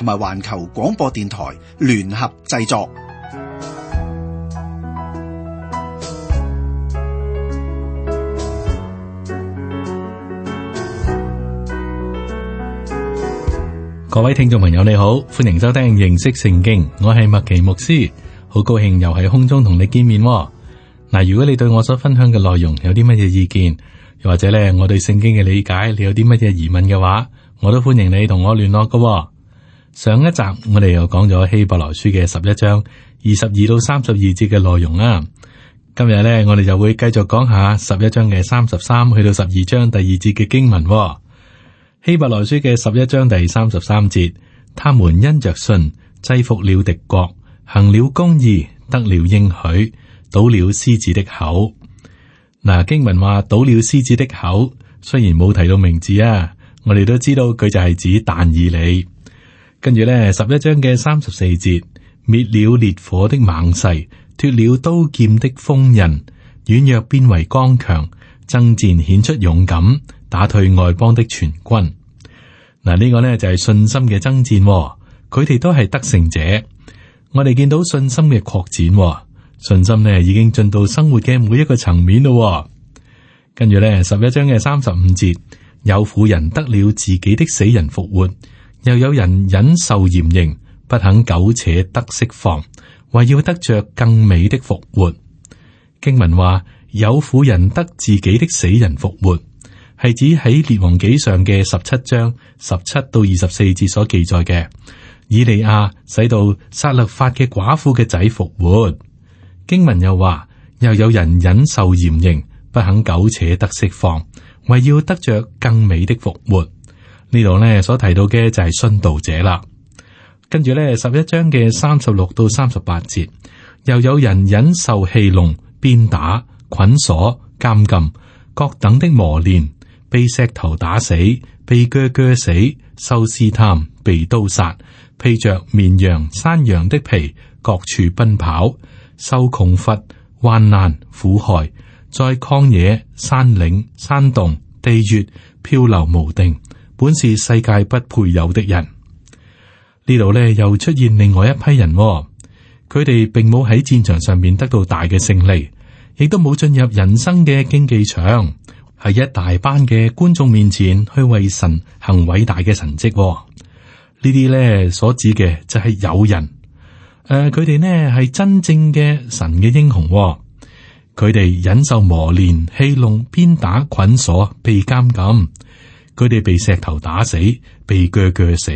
同埋環球廣播電台聯合製作。各位聽眾朋友，你好，歡迎收聽認識聖經。我係麥奇牧師，好高興又喺空中同你見面。嗱，如果你對我所分享嘅內容有啲乜嘢意見，又或者咧我對聖經嘅理解，你有啲乜嘢疑問嘅話，我都歡迎你同我聯絡噶。上一集我哋又講咗希伯來書嘅十一章二十二到三十二節嘅內容啦、啊。今日呢，我哋就會繼續講下十一章嘅三十三去到十二章第二節嘅經文、哦。希伯來書嘅十一章第三十三節，他們因着信制服了敵國，行了公義，得了應許，堵了獅子的口。嗱，經文話堵了獅子的口，雖然冇提到名字啊，我哋都知道佢就係指但以理。跟住呢十一章嘅三十四節，滅了烈火的猛勢，脱了刀劍的鋒刃，軟弱變為剛強，爭戰顯出勇敢，打退外邦的全軍。嗱，呢個呢就係、是、信心嘅爭戰、哦，佢哋都係得勝者。我哋見到信心嘅擴展、哦，信心呢已經進到生活嘅每一個層面咯、哦。跟住呢十一章嘅三十五節，有婦人得了自己的死人復活。又有人忍受嚴刑，不肯苟且得釋放，為要得着更美的復活。經文話，有婦人得自己的死人復活，係指喺《列王紀上》嘅十七章十七到二十四節所記載嘅，以利亞使到撒勒法嘅寡婦嘅仔復活。經文又話，又有人忍受嚴刑，不肯苟且得釋放，為要得着更美的復活。呢度呢所提到嘅就係殉道者啦。跟住呢，十一章嘅三十六到三十八節，又有人忍受戲弄、鞭打、捆鎖、監禁各等的磨練，被石頭打死，被鋸鋸死，受試探，被刀殺，披着綿羊、山羊的皮，各處奔跑，受窮乏、患難、苦害，在曠野、山嶺、山洞、地穴漂流無定。本是世界不配有的人，呢度咧又出現另外一批人、哦，佢哋並冇喺戰場上面得到大嘅勝利，亦都冇進入人生嘅競技場，喺一大班嘅觀眾面前去為神行偉大嘅神蹟、哦。呢啲咧所指嘅就係有人，誒、呃，佢哋咧係真正嘅神嘅英雄、哦，佢哋忍受磨練、戲弄、鞭打、捆鎖、被監禁。佢哋被石頭打死，被鋸鋸死。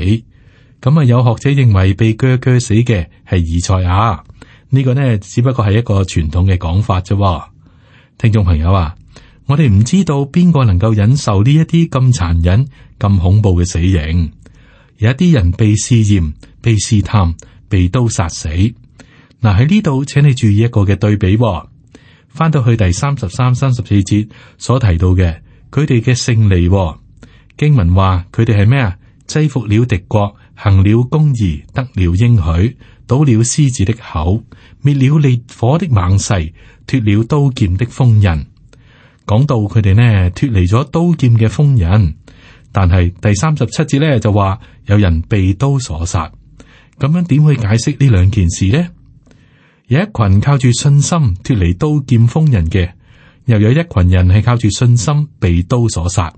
咁啊，有學者認為被鋸鋸死嘅係以賽亞呢個呢，只不過係一個傳統嘅講法啫。聽眾朋友啊，我哋唔知道邊個能夠忍受呢一啲咁殘忍、咁恐怖嘅死刑。有一啲人被試驗、被試探、被刀殺死。嗱，喺呢度，請你注意一個嘅對比、哦，翻到去第三十三、三十四節所提到嘅佢哋嘅勝利、哦。經文話佢哋係咩啊？制服了敵國，行了公義，得了應許，堵了獅子的口，滅了烈火的猛勢，脫了刀劍的鋒刃。講到佢哋呢，脫離咗刀劍嘅鋒刃，但係第三十七節呢，就話有人被刀所殺，咁樣點去解釋呢兩件事呢？有一群靠住信心脫離刀劍鋒刃嘅，又有一群人係靠住信心被刀所殺。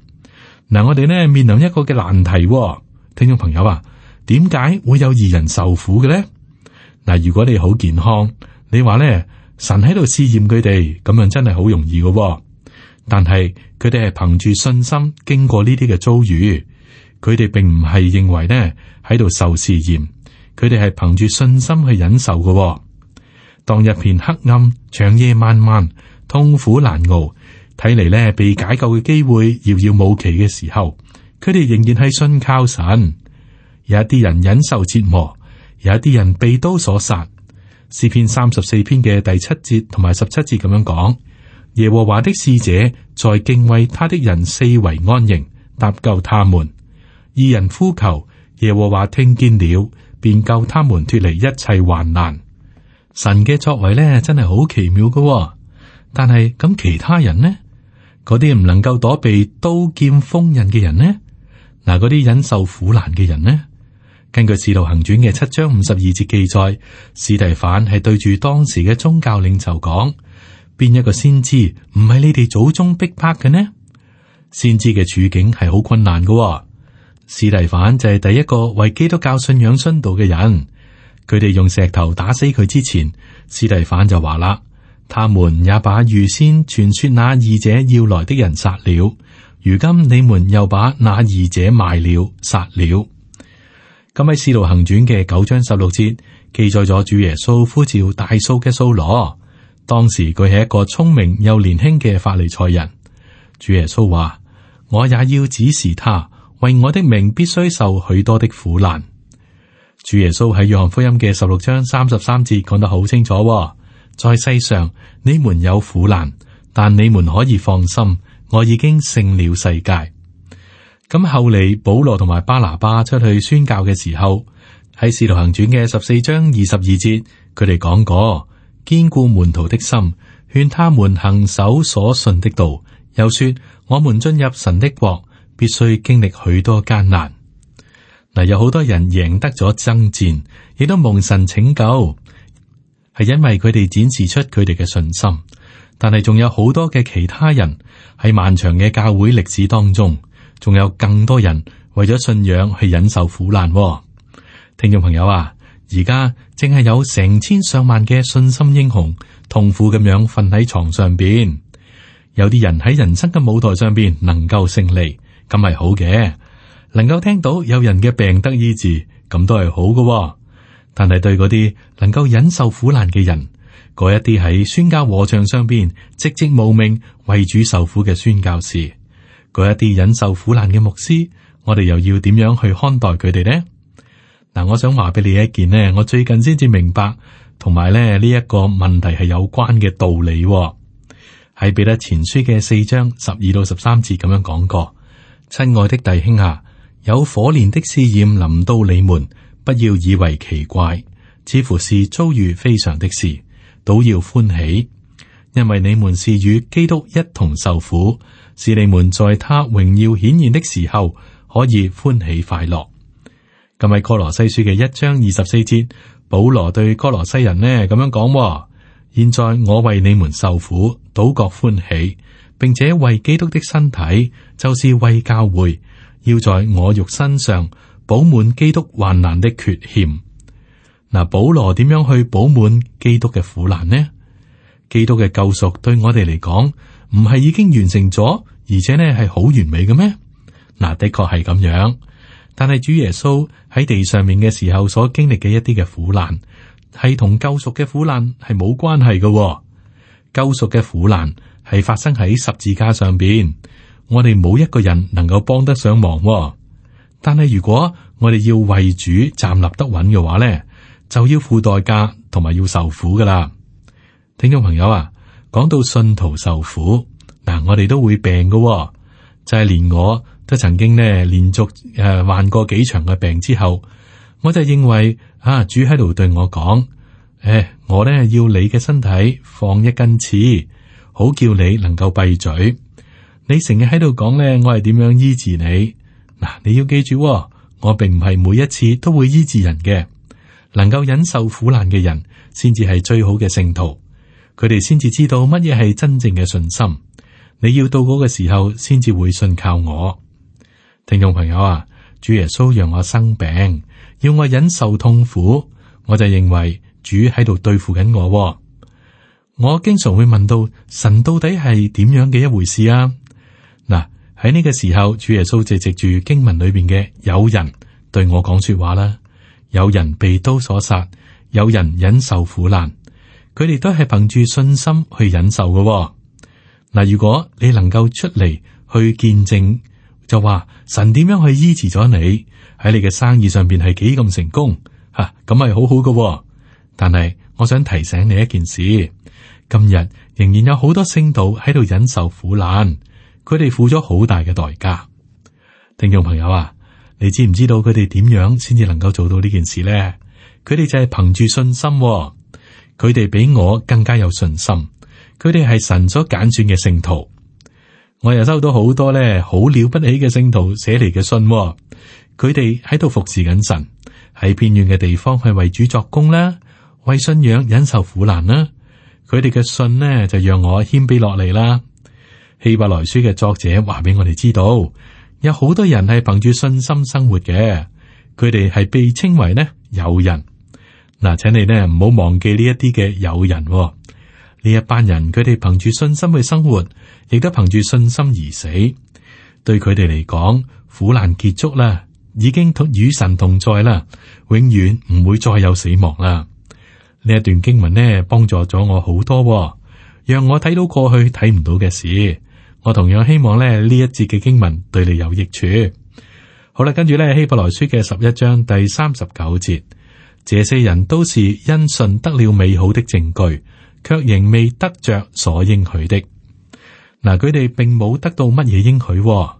嗱，我哋咧面臨一個嘅難題，聽眾朋友啊，點解會有義人受苦嘅咧？嗱，如果你好健康，你話咧神喺度試驗佢哋，咁樣真係好容易嘅。但係佢哋係憑住信心經過呢啲嘅遭遇，佢哋並唔係認為呢喺度受試驗，佢哋係憑住信心去忍受嘅。當日片黑暗，長夜漫漫，痛苦難熬。睇嚟呢，被解救嘅機會遙遙無期嘅時候，佢哋仍然係信靠神。有一啲人忍受折磨，有一啲人被刀所殺。詩篇三十四篇嘅第七節同埋十七節咁樣講：耶和華的使者在敬畏他的人四圍安營，搭救他們。二人呼求耶和華，聽見了，便救他們脱離一切患難。神嘅作為呢，真係好奇妙嘅哦。但係咁其他人呢？嗰啲唔能夠躲避刀劍鋒刃嘅人呢？嗱，嗰啲忍受苦難嘅人呢？根據《使徒行傳》嘅七章五十二節記載，司提反係對住當時嘅宗教領袖講：邊一個先知唔係你哋祖宗逼迫嘅呢？先知嘅處境係好困難㗎喎。司提反就係第一個為基督教信仰殉道嘅人。佢哋用石頭打死佢之前，司提反就話啦。他們也把預先傳說那義者要來的人殺了，如今你們又把那義者賣了、殺了。咁喺《使徒行傳》嘅九章十六節記載咗主耶穌呼召大數嘅掃羅，當時佢係一個聰明又年輕嘅法利賽人。主耶穌話：我也要指示他，為我的名必須受許多的苦難。主耶穌喺《約翰福音》嘅十六章三十三節講得好清楚。在世上，你們有苦難，但你們可以放心，我已經勝了世界。咁後嚟，保羅同埋巴拿巴出去宣教嘅時候，喺《使徒行傳》嘅十四章二十二節，佢哋講過，堅固門徒的心，勸他們行守所信的道。又說，我們進入神的國，必須經歷許多艱難。嗱，有好多人贏得咗爭戰，亦都蒙神拯救。係因為佢哋展示出佢哋嘅信心，但係仲有好多嘅其他人喺漫長嘅教會歷史當中，仲有更多人為咗信仰去忍受苦難，哦。聽眾朋友啊，而家正係有成千上萬嘅信心英雄，痛苦咁樣瞓喺床上邊。有啲人喺人生嘅舞台上邊能夠勝利，咁係好嘅。能夠聽到有人嘅病得醫治，咁都係好嘅，哦。但係對嗰啲能夠忍受苦難嘅人，嗰一啲喺宣教禾場上邊寂寂無名為主受苦嘅宣教士，嗰一啲忍受苦難嘅牧師，我哋又要點樣去看待佢哋呢？嗱、啊，我想話俾你一件呢，我最近先至明白，同埋呢呢一、這個問題係有關嘅道理、哦，喺彼得前書嘅四章十二到十三節咁樣講過。親愛的弟兄啊，有火煉的試驗臨到你們。不要以為奇怪，似乎是遭遇非常的事，倒要歡喜，因為你們是與基督一同受苦，使你們在他榮耀顯現的時候可以歡喜快樂。咁係哥羅西書嘅一章二十四節，保羅對哥羅西人呢咁樣講：現在我為你們受苦，倒覺歡喜，並且為基督的身體，就是為教會，要在我肉身上。補滿基督患難的缺陷，嗱、啊，保羅點樣去補滿基督嘅苦難呢？基督嘅救贖對我哋嚟講，唔係已經完成咗，而且呢係好完美嘅咩？嗱、啊，的確係咁樣，但係主耶穌喺地上面嘅時候所經歷嘅一啲嘅苦難，係同救贖嘅苦難係冇關係嘅、哦。救贖嘅苦難係發生喺十字架上邊，我哋冇一個人能夠幫得上忙、哦。但係如果我哋要為主站立得穩嘅話咧，就要付代價同埋要受苦噶啦。聽眾朋友啊，講到信徒受苦，嗱，我哋都會病噶、哦，就係、是、連我都曾經咧連續誒、呃、患過幾場嘅病之後，我就認為，啊，主喺度對我講，誒、哎、我咧要你嘅身體放一根刺，好叫你能夠閉嘴。你成日喺度講咧，我係點樣醫治你？嗱，你要記住喎，我並唔係每一次都會醫治人嘅。能夠忍受苦難嘅人，先至係最好嘅聖徒，佢哋先至知道乜嘢係真正嘅信心。你要到嗰個時候，先至會信靠我。聽眾朋友啊，主耶穌讓我生病，要我忍受痛苦，我就認為主喺度對付緊我喎。我經常會問到，神到底係點樣嘅一回事啊？喺呢個時候，主耶穌藉藉住經文裏邊嘅有人對我講說話啦，有人被刀所殺，有人忍受苦難，佢哋都係憑住信心去忍受嘅。嗱，如果你能夠出嚟去見證，就話神點樣去醫治咗你，喺你嘅生意上邊係幾咁成功吓，咁、啊、係好好嘅、哦。但係我想提醒你一件事，今日仍然有好多聖徒喺度忍受苦難。佢哋付咗好大嘅代價，聽眾朋友啊，你知唔知道佢哋點樣先至能夠做到呢件事咧？佢哋就係憑住信心，哦，佢哋比我更加有信心。佢哋係神所揀選嘅聖徒，我又收到好多咧，好了不起嘅聖徒寫嚟嘅信，哦。佢哋喺度服侍緊神，喺偏遠嘅地方去為主作工啦，為信仰忍受苦難啦。佢哋嘅信呢，就讓我謙卑落嚟啦。希伯來書嘅作者話俾我哋知道，有好多人係憑住信心生活嘅，佢哋係被稱為呢友人。嗱，請你呢唔好忘記呢一啲嘅友人，呢一班人，佢哋憑住信心去生活，亦都憑住信心而死。對佢哋嚟講，苦難結束啦，已經同與神同在啦，永遠唔會再有死亡啦。呢一段經文呢，幫助咗我好多，讓我睇到過去睇唔到嘅事。我同樣希望咧，呢一節嘅經文對你有益處。好啦，跟住咧，希伯來書嘅十一章第三十九節，這些人都是因信得了美好的證據，卻仍未得着所應許的。嗱，佢哋並冇得到乜嘢應許喎。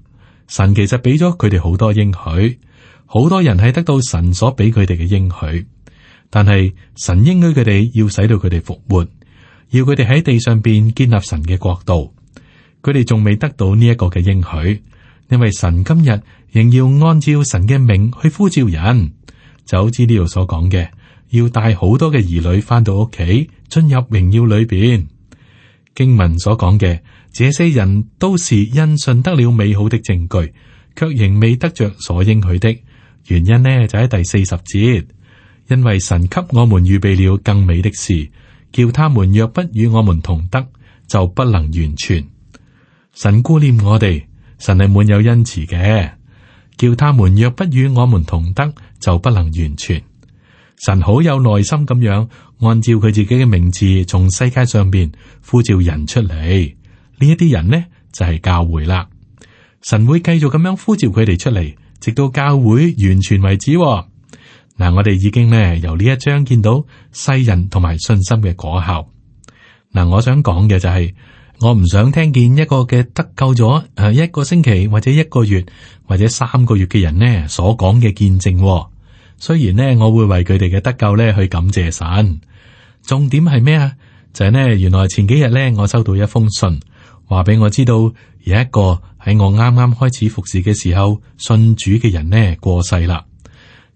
神其實俾咗佢哋好多應許，好多人係得到神所俾佢哋嘅應許，但係神應許佢哋要使到佢哋復活，要佢哋喺地上邊建立神嘅國度。佢哋仲未得到呢一個嘅應許，因為神今日仍要按照神嘅命去呼召人，就好似呢度所講嘅，要帶好多嘅兒女返到屋企進入榮耀裏邊。經文所講嘅，這些人都是因信得了美好的證據，却仍未得着所應許的。原因呢，就喺第四十節，因為神給我們預備了更美的事，叫他們若不與我們同得，就不能完全。神顧念我哋，神係滿有恩慈嘅，叫他們若不與我們同得，就不能完全。神好有耐心咁樣，按照佢自己嘅名字，從世界上邊呼召人出嚟。呢一啲人呢就係、是、教會啦。神會繼續咁樣呼召佢哋出嚟，直到教會完全為止。嗱、呃，我哋已經呢由呢一章見到世人同埋信心嘅果效。嗱、呃，我想講嘅就係、是。我唔想聽見一個嘅得救咗誒，一個星期或者一個月或者三個月嘅人呢所講嘅見證。哦，雖然呢我會為佢哋嘅得救呢去感謝神，重點係咩啊？就係、是、呢原來前幾日呢我收到一封信，話俾我知道有一個喺我啱啱開始服侍嘅時候信主嘅人呢過世啦。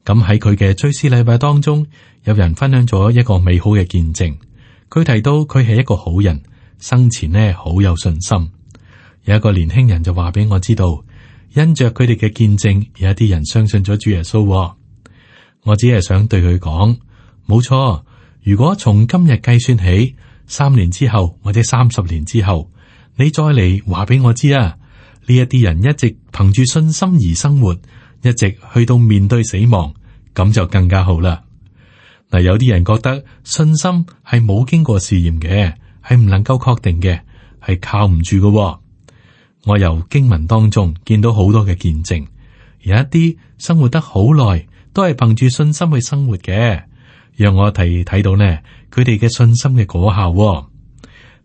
咁喺佢嘅追思禮拜當中，有人分享咗一個美好嘅見證，佢提到佢係一個好人。生前呢好有信心，有一個年輕人就話俾我知道，因着佢哋嘅見證，有一啲人相信咗主耶穌哦。我只係想對佢講，冇錯。如果從今日計算起，三年之後或者三十年之後，你再嚟話俾我知啊，呢一啲人一直憑住信心而生活，一直去到面對死亡，咁就更加好啦。嗱，有啲人覺得信心係冇經過試驗嘅。係唔能夠確定嘅，係靠唔住嘅、哦。我由經文當中見到好多嘅見證，有一啲生活得好耐，都係憑住信心去生活嘅。讓我提睇到呢，佢哋嘅信心嘅果效、哦。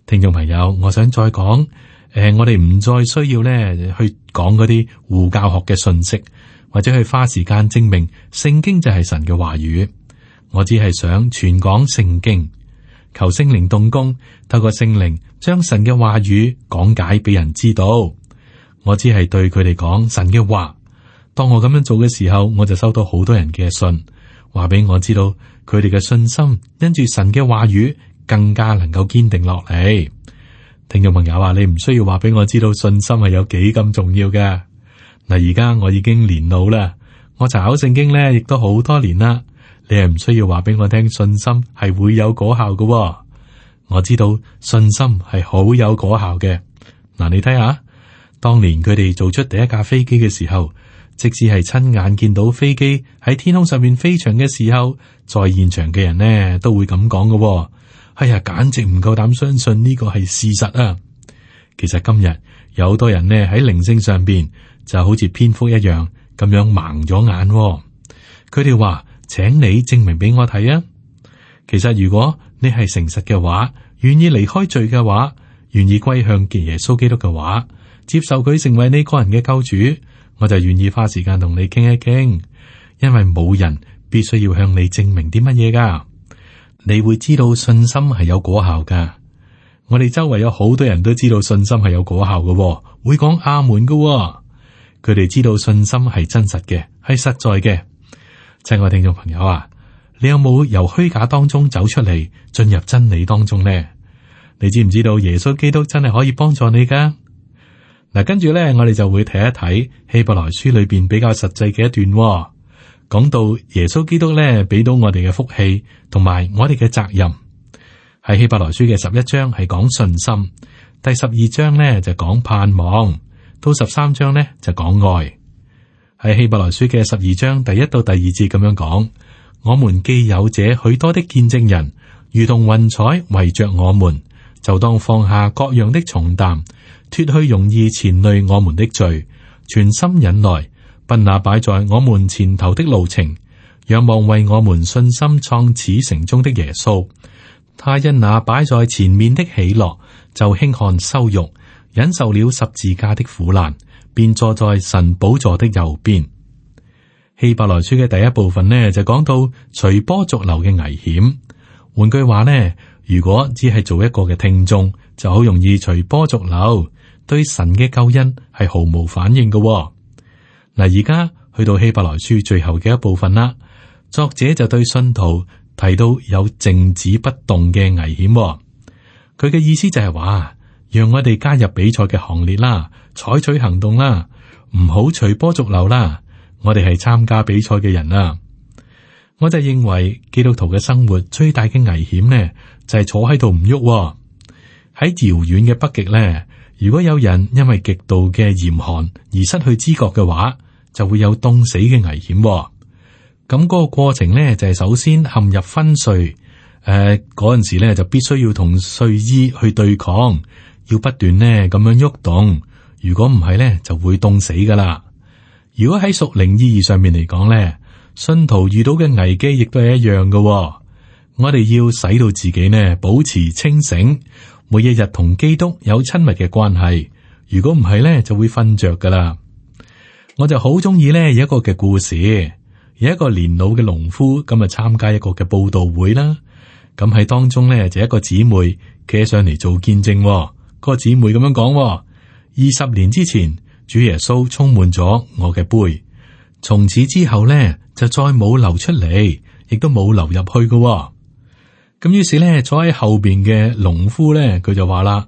聽眾朋友，我想再講，誒、呃，我哋唔再需要呢去講嗰啲護教學嘅信息，或者去花時間證明聖經就係神嘅話語。我只係想傳講聖經。求聖靈動工，透過聖靈將神嘅話語講解俾人知道。我只係對佢哋講神嘅話。當我咁樣做嘅時候，我就收到好多人嘅信，話俾我知道佢哋嘅信心因住神嘅話語更加能夠堅定落嚟。聽眾朋友啊，你唔需要話俾我知道信心係有幾咁重要嘅。嗱，而家我已經年老啦，我查考聖經咧，亦都好多年啦。你係唔需要話俾我聽，信心係會有果效嘅、哦。我知道信心係好有果效嘅。嗱，你睇下，當年佢哋做出第一架飛機嘅時候，即使係親眼見到飛機喺天空上面飛翔嘅時候，在現場嘅人呢都會咁講嘅。哎呀，簡直唔夠膽相信呢個係事實啊！其實今日有好多人呢喺靈性上邊就好似蝙蝠一樣咁樣盲咗眼、哦。佢哋話。請你證明俾我睇啊！其實如果你係誠實嘅話，願意離開罪嘅話，願意歸向基耶穌基督嘅話，接受佢成為呢個人嘅救主，我就願意花時間同你傾一傾。因為冇人必須要向你證明啲乜嘢噶，你會知道信心係有果效噶。我哋周圍有好多人都知道信心係有果效嘅、哦，會講阿門嘅、哦。佢哋知道信心係真實嘅，係實在嘅。親愛的聽眾朋友啊，你有冇由虛假當中走出嚟，進入真理當中呢？你知唔知道耶穌基督真係可以幫助你噶？嗱、啊，跟住咧，我哋就會睇一睇希伯來書裏邊比較實際嘅一段、哦，講到耶穌基督咧，俾到我哋嘅福氣，同埋我哋嘅責任。喺希伯來書嘅十一章係講信心，第十二章咧就講盼望，到十三章咧就講愛。喺希伯來書嘅十二章第一到第二節咁樣講，我們既有這許多的見證人，如同雲彩圍著我們，就當放下各樣的重擔，脫去容易纏累我們的罪，全心忍耐，奔那擺在我們前頭的路程。仰望為我們信心創始成終的耶穌，他因那擺在前面的喜樂，就輕看羞辱，忍受了十字架的苦難。便坐在神寶座的右邊。希伯來書嘅第一部分呢，就講到隨波逐流嘅危險。換句話呢，如果只係做一個嘅聽眾，就好容易隨波逐流，對神嘅救恩係毫無反應嘅，哦。嗱，而家去到希伯來書最後嘅一部分啦，作者就對信徒提到有靜止不動嘅危險，哦。佢嘅意思就係話。讓我哋加入比賽嘅行列啦，採取行動啦，唔好隨波逐流啦。我哋係參加比賽嘅人啦，我就認為基督徒嘅生活最大嘅危險呢，就係、是、坐喺度唔喐。喺遙遠嘅北極呢，如果有人因為極度嘅嚴寒而失去知覺嘅話，就會有凍死嘅危險、哦。咁嗰個過程呢，就係、是、首先陷入昏睡。誒、呃，嗰陣時呢，就必須要同睡衣去對抗。要不斷呢咁樣喐動，動，如果唔係咧就會凍死噶啦如果喺屬靈意義上面嚟講咧，信徒遇到嘅危機亦都係一樣嘅、哦。我哋要使到自己呢，保持清醒，每一日同基督有親密嘅關係。如果唔係咧就會瞓着噶啦我就好中意咧一個嘅故事，有一個年老嘅農夫咁啊參加一個嘅佈道會啦。咁喺當中咧就是、一個姊妹企上嚟做見證、哦。個姊妹咁樣講、哦：，二十年之前，主耶穌充滿咗我嘅杯，從此之後咧就再冇流出嚟，亦都冇流入去嘅、哦。咁於是咧，坐喺後邊嘅農夫咧，佢就話啦：，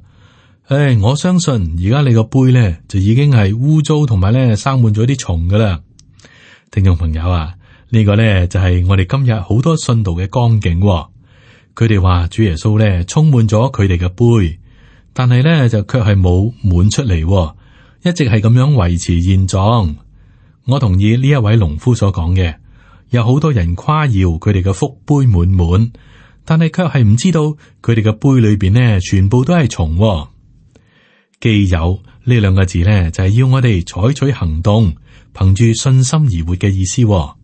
唉、哎，我相信而家你個杯咧就已經係污糟，同埋咧生滿咗啲蟲噶啦。聽眾朋友啊，這個、呢個咧就係、是、我哋今日好多信徒嘅光景、哦。佢哋話主耶穌咧充滿咗佢哋嘅杯。但係咧，就卻係冇滿出嚟、哦，一直係咁樣維持現狀。我同意呢一位農夫所講嘅，有好多人誇耀佢哋嘅福杯滿滿，但係卻係唔知道佢哋嘅杯裏邊呢，全部都係蟲、哦。既有呢兩個字咧，就係、是、要我哋採取行動，憑住信心而活嘅意思、哦。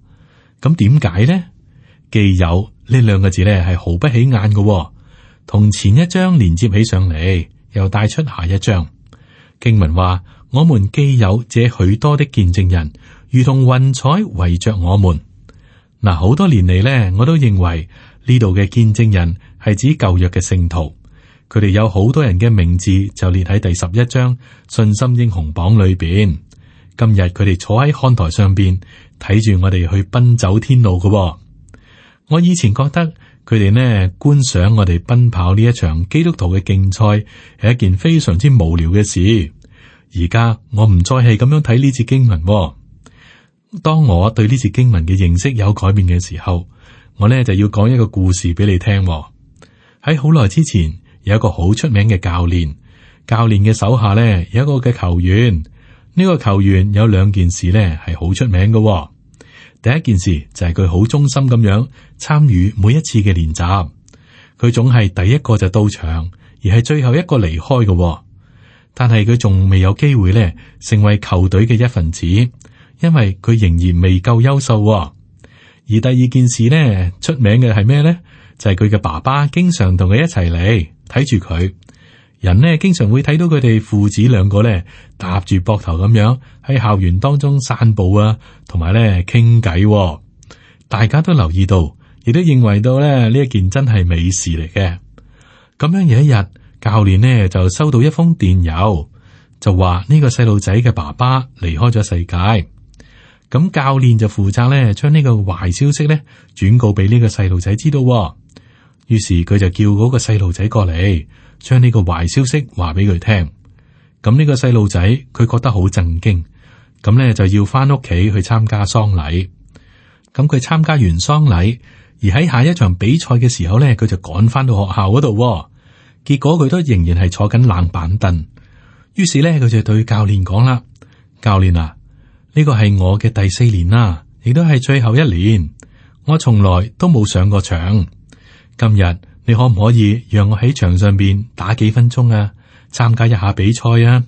咁點解呢？既有呢兩個字咧，係毫不起眼嘅、哦，同前一章連接起上嚟。又帶出下一章經文話：我們既有這許多的見證人，如同雲彩圍着我們。嗱，好多年嚟呢，我都認為呢度嘅見證人係指舊約嘅聖徒，佢哋有好多人嘅名字就列喺第十一章信心英雄榜裏邊。今日佢哋坐喺看台上邊睇住我哋去奔走天路嘅哦。我以前覺得。佢哋呢，觀賞我哋奔跑呢一場基督徒嘅競賽係一件非常之無聊嘅事。而家我唔再係咁樣睇呢節經文哦。當我對呢節經文嘅認識有改變嘅時候，我呢就要講一個故事俾你聽哦。喺好耐之前，有一個好出名嘅教練，教練嘅手下呢有一個嘅球員。呢個球員有兩件事呢係好出名嘅哦。第一件事就係佢好忠心咁樣參與每一次嘅練習，佢總係第一個就到場，而係最後一個離開嘅。但係佢仲未有機會咧成為球隊嘅一份子，因為佢仍然未夠優秀。而第二件事呢，出名嘅係咩呢？就係佢嘅爸爸經常同佢一齊嚟睇住佢。人呢，經常會睇到佢哋父子兩個咧搭住膊頭咁樣喺校園當中散步啊，同埋咧傾偈，大家都留意到，亦都認為到咧呢一件真係美事嚟嘅。咁樣有一日，教練呢就收到一封電郵，就話呢個細路仔嘅爸爸離開咗世界。咁教練就負責咧將呢個壞消息咧轉告俾呢個細路仔知道喎。於是佢就叫嗰個細路仔過嚟，將呢個壞消息話俾佢聽。咁呢個細路仔佢覺得好震驚，咁咧就要翻屋企去參加喪禮。咁佢參加完喪禮，而喺下一場比賽嘅時候咧，佢就趕翻到學校嗰度。結果佢都仍然係坐緊冷板凳。於是咧，佢就對教練講啦：「教練啊，呢個係我嘅第四年啦，亦都係最後一年，我從來都冇上過場。今日你可唔可以讓我喺場上邊打幾分鐘啊？參加一下比賽啊？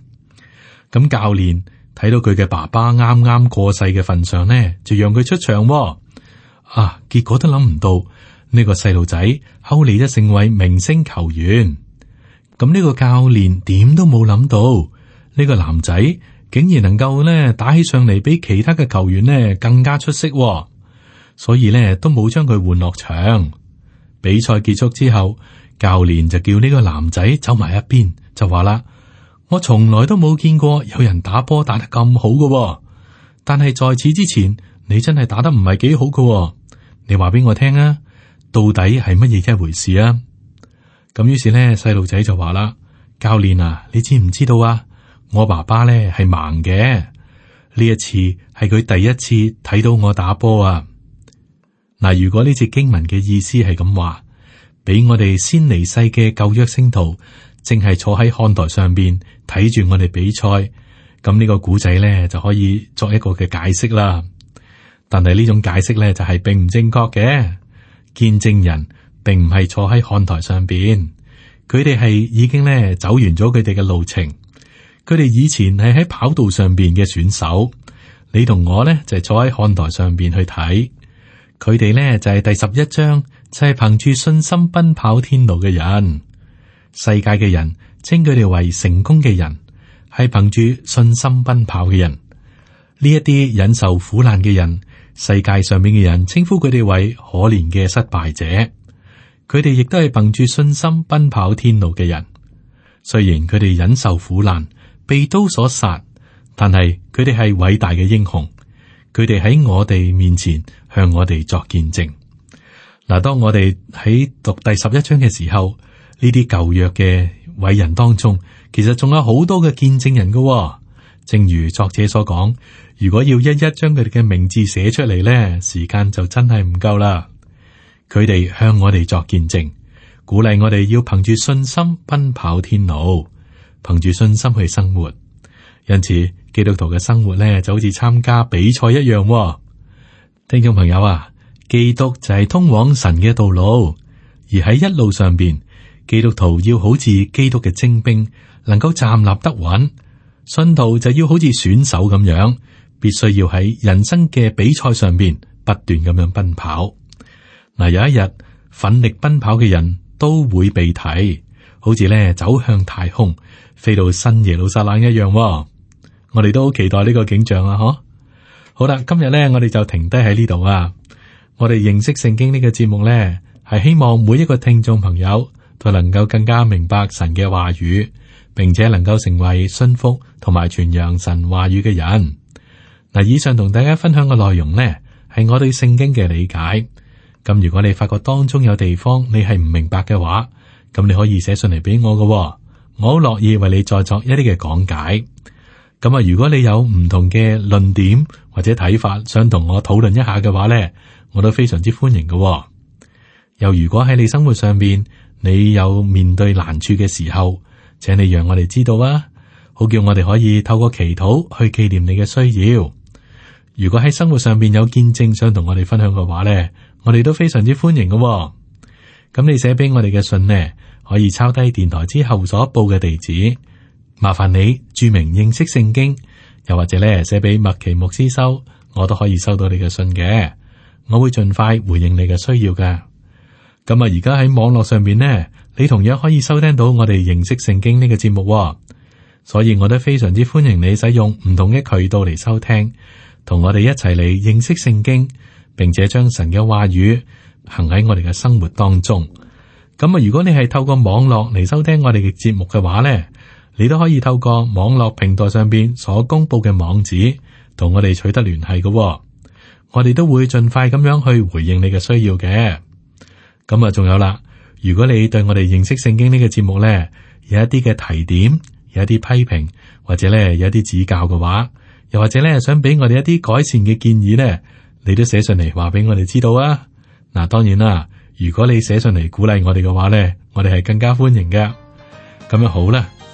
咁、嗯、教練睇到佢嘅爸爸啱啱過世嘅份上呢，就讓佢出場、哦。啊，結果都諗唔到呢、這個細路仔後嚟，都成為明星球員。咁、嗯、呢、這個教練點都冇諗到呢、這個男仔竟然能夠呢，打起上嚟，比其他嘅球員呢更加出色、哦，所以呢都冇將佢換落場。比賽結束之後，教練就叫呢個男仔走埋一邊，就話啦：我從來都冇見過有人打波打得咁好噶，但係在此之前，你真係打得唔係幾好噶。你話俾我聽啊，到底係乜嘢一回事啊？咁於是呢，細路仔就話啦：教練啊，你知唔知道啊？我爸爸咧係盲嘅，呢一次係佢第一次睇到我打波啊。嗱，如果呢節經文嘅意思係咁話，俾我哋先離世嘅舊約聖徒淨係坐喺看台上邊睇住我哋比賽，咁呢個古仔咧就可以作一個嘅解釋啦。但係呢種解釋咧就係、是、並唔正確嘅。見證人並唔係坐喺看台上邊，佢哋係已經咧走完咗佢哋嘅路程，佢哋以前係喺跑道上邊嘅選手。你同我咧就係坐喺看台上邊去睇。佢哋呢，就係第十一章，就係憑住信心奔跑天路嘅人。世界嘅人稱佢哋為成功嘅人，係憑住信心奔跑嘅人。呢一啲忍受苦難嘅人，世界上面嘅人稱呼佢哋為可憐嘅失敗者。佢哋亦都係憑住信心奔跑天路嘅人。雖然佢哋忍受苦難，被刀所殺，但係佢哋係偉大嘅英雄。佢哋喺我哋面前。向我哋作見證。嗱，當我哋喺讀第十一章嘅時候，呢啲舊約嘅偉人當中，其實仲有好多嘅見證人嘅、哦。正如作者所講，如果要一一將佢哋嘅名字寫出嚟咧，時間就真係唔夠啦。佢哋向我哋作見證，鼓勵我哋要憑住信心奔跑天路，憑住信心去生活。因此，基督徒嘅生活咧，就好似參加比賽一樣、哦。聽眾朋友啊，基督就係通往神嘅道路，而喺一路上邊，基督徒要好似基督嘅精兵，能夠站立得穩；信徒就要好似選手咁樣，必須要喺人生嘅比賽上邊不斷咁樣奔跑。嗱，啊，有一日，奮力奔跑嘅人都會被睇，好似咧走向太空，飛到新耶路撒冷一樣，哦。我哋都好期待呢個景象啊！嗬。好啦，今日呢，我哋就停低喺呢度啊！我哋認識聖經呢個節目呢，係希望每一個聽眾朋友都能夠更加明白神嘅話語，並且能夠成為信服同埋傳揚神話語嘅人。嗱，以上同大家分享嘅內容呢，係我對聖經嘅理解。咁如果你發覺當中有地方你係唔明白嘅話，咁你可以寫信嚟俾我㗎喎，我好樂意為你再作一啲嘅講解。咁啊，如果你有唔同嘅論點，或者睇法，想同我討論一下嘅話咧，我都非常之歡迎嘅喎。又如果喺你生活上面，你有面對難處嘅時候，請你讓我哋知道啊，好叫我哋可以透過祈禱去紀念你嘅需要。如果喺生活上面有見證想同我哋分享嘅話咧，我哋都非常之歡迎嘅喎。咁你寫俾我哋嘅信咧，可以抄低電台之後所報嘅地址，麻煩你註明認識聖經。又或者咧，寫俾麥奇牧師收，我都可以收到你嘅信嘅，我會盡快回應你嘅需要嘅。咁啊，而家喺網絡上面呢，你同樣可以收聽到我哋認識聖經呢個節目，所以我都非常之歡迎你使用唔同嘅渠道嚟收聽，同我哋一齊嚟認識聖經，並且將神嘅話語行喺我哋嘅生活當中。咁啊，如果你係透過網絡嚟收聽我哋嘅節目嘅話呢。你都可以透過網絡平台上邊所公布嘅網址，同我哋取得聯繫嘅。我哋都會盡快咁樣去回應你嘅需要嘅。咁啊，仲有啦，如果你對我哋認識聖經呢個節目呢，有一啲嘅提點，有一啲批評，或者呢有一啲指教嘅話，又或者呢想俾我哋一啲改善嘅建議呢，你都寫上嚟，話俾我哋知道啊。嗱，當然啦，如果你寫上嚟鼓勵我哋嘅話呢，我哋係更加歡迎嘅。咁樣好啦。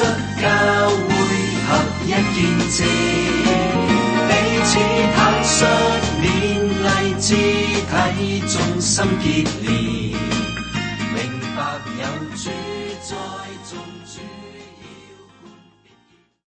出教會合一見證，彼此坦率勉勵肢體，重心結。